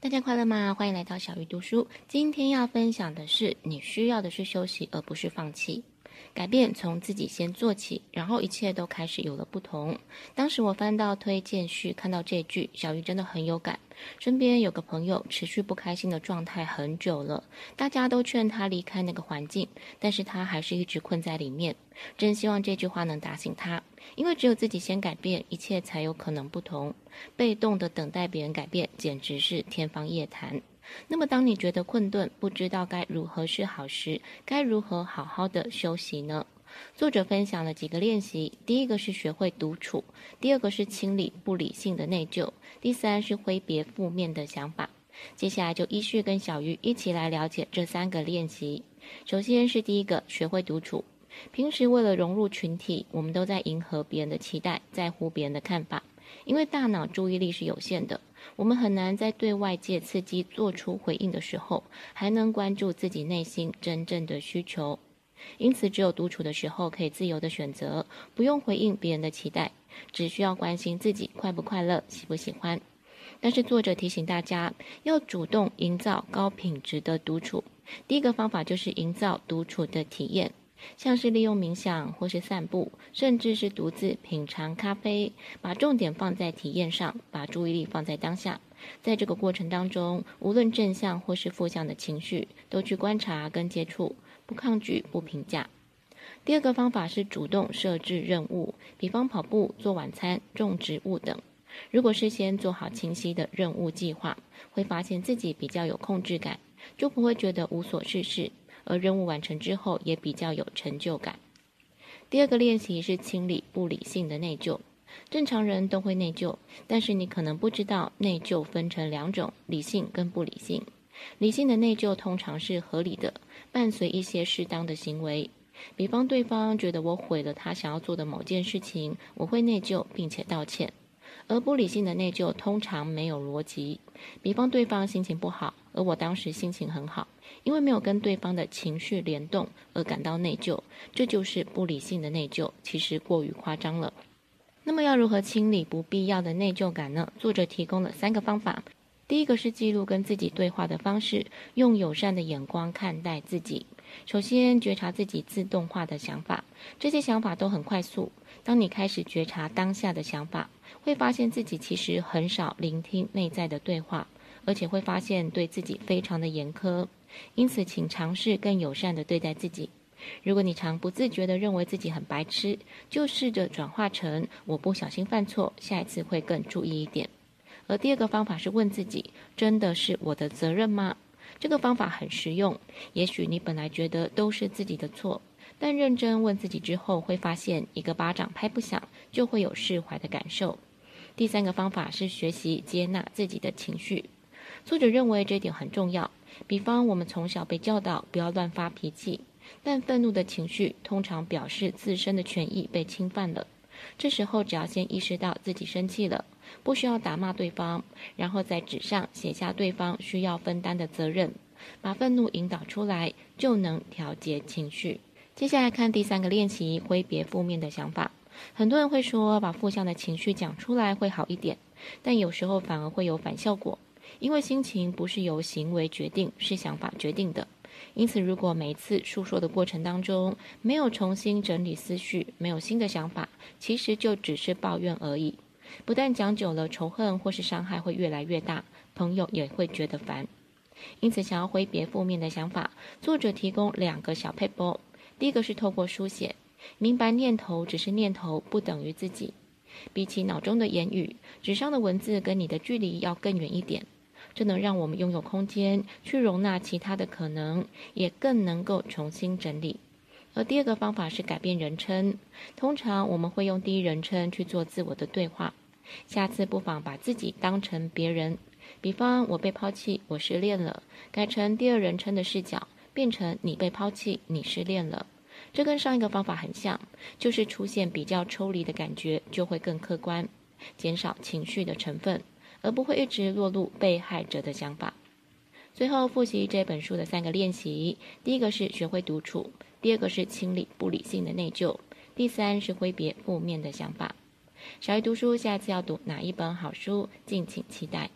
大家快樂嗎？歡迎來到小魚讀書。今天要分享的是，你需要的是休息，而不是放棄。改變從自己先做起，然後一切都開始有了不同。當時我翻到推薦序，看到這句，小魚真的很有感。身邊有個朋友持續不開心的狀態很久了，大家都勸他離開那個環境，但是他還是一直困在裡面。真希望這句話能打醒他。因為只有自己先改變，一切才有可能不同。被動的等待別人改變，簡直是天方夜譚。那麼，當你覺得困頓，不知道該如何是好時，該如何好好的休息呢？作者分享了幾個練習：第一個是學會獨處，第二個是清理不理性的內疚，第三是揮別負面的想法。接下來就依序跟小魚一起來了解這三個練習。首先是第一個，學會獨處。平時為了融入群體，我們都在迎合別人的期待，在乎別人的看法，因為大腦注意力是有限的，我們很難在對外界刺激做出回應的時候，還能關注自己內心真正的需求。因此，只有獨處的時候可以自由地選擇，不用回應別人的期待，只需要關心自己快不快樂，喜不喜歡。但是，作者提醒大家，要主動營造高品質的獨處，第一個方法就是營造獨處的體驗。像是利用冥想，或是散步，甚至是獨自品嚐咖啡，把重點放在體驗上，把注意力放在當下。在這個過程當中，無論正向或是負向的情緒，都去觀察跟接觸，不抗拒，不評價。第二個方法是主動設置任務，比方跑步、做晚餐、種植物等。如果事先做好清晰的任務計劃，會發現自己比較有控制感，就不會覺得無所事事。而任務完成之後也比較有成就感。第二個練習是清理不理性的內疚。正常人都會內疚，但是你可能不知道內疚分成兩種：理性跟不理性。理性的內疚通常是合理的，伴隨一些適當的行為。比方，對方覺得我毀了他想要做的某件事情，我會內疚並且道歉。而不理性的內疚通常沒有邏輯，比方對方心情不好，而我當時心情很好，因為沒有跟對方的情緒聯動而感到內疚，這就是不理性的內疚，其實過於誇張了。那麼要如何清理不必要的內疚感呢？作者提供了三個方法，第一個是記錄跟自己對話的方式，用友善的眼光看待自己。首先覺察自己自動化的想法，這些想法都很快速。當你開始覺察當下的想法，會發現自己其實很少聆聽內在的對話，而且會發現對自己非常的嚴苛。因此，請嘗試更友善的對待自己。如果你常不自覺地認為自己很白痴，就試着轉化成“我不小心犯錯，下一次會更注意一點”。而第二個方法是問自己：“真的是我的責任嗎？”這個方法很實用。也許你本來覺得都是自己的錯，但認真問自己之後，會發現一個巴掌拍不響，就會有釋懷的感受。第三個方法是學習接納自己的情緒。作者認為這一點很重要。比方，我們從小被教導不要亂發脾氣，但憤怒的情緒通常表示自身的權益被侵犯了。這時候，只要先意識到自己生氣了，不需要打罵對方，然後在紙上寫下對方需要分擔的責任，把憤怒引導出來，就能調節情緒。接下來看第三個練習，揮別負面的想法。很多人會說，把負向的情緒講出來會好一點，但有時候反而會有反效果，因為心情不是由行為決定，是想法決定的。因此，如果每次訴說的過程當中沒有重新整理思緒，沒有新的想法，其實就只是抱怨而已。不但講久了，仇恨或是傷害會越來越大，朋友也會覺得煩。因此，想要揮別負面的想法，作者提供兩個小撇步。第一個是透過書寫，明白念頭只是念頭，不等於自己。比起腦中的言語，紙上的文字跟你的距離要更遠一點。這能讓我們擁有空間去容納其他的可能，也更能夠重新整理。而第二個方法是改變人稱，通常我們會用第一人稱去做自我的對話，下次不妨把自己當成別人，比方我被拋棄，我失戀了，改成第二人稱的視角，變成你被拋棄，你失戀了。這跟上一個方法很像，就是出現比較抽離的感覺，就會更客觀，減少情緒的成分。而不會一直落入被害者的想法。最後複習這本書的三個練習：第一個是學會獨處，第二個是清理不理性的內疚，第三是揮別負面的想法。小魚讀書，下次要讀哪一本好書？敬請期待。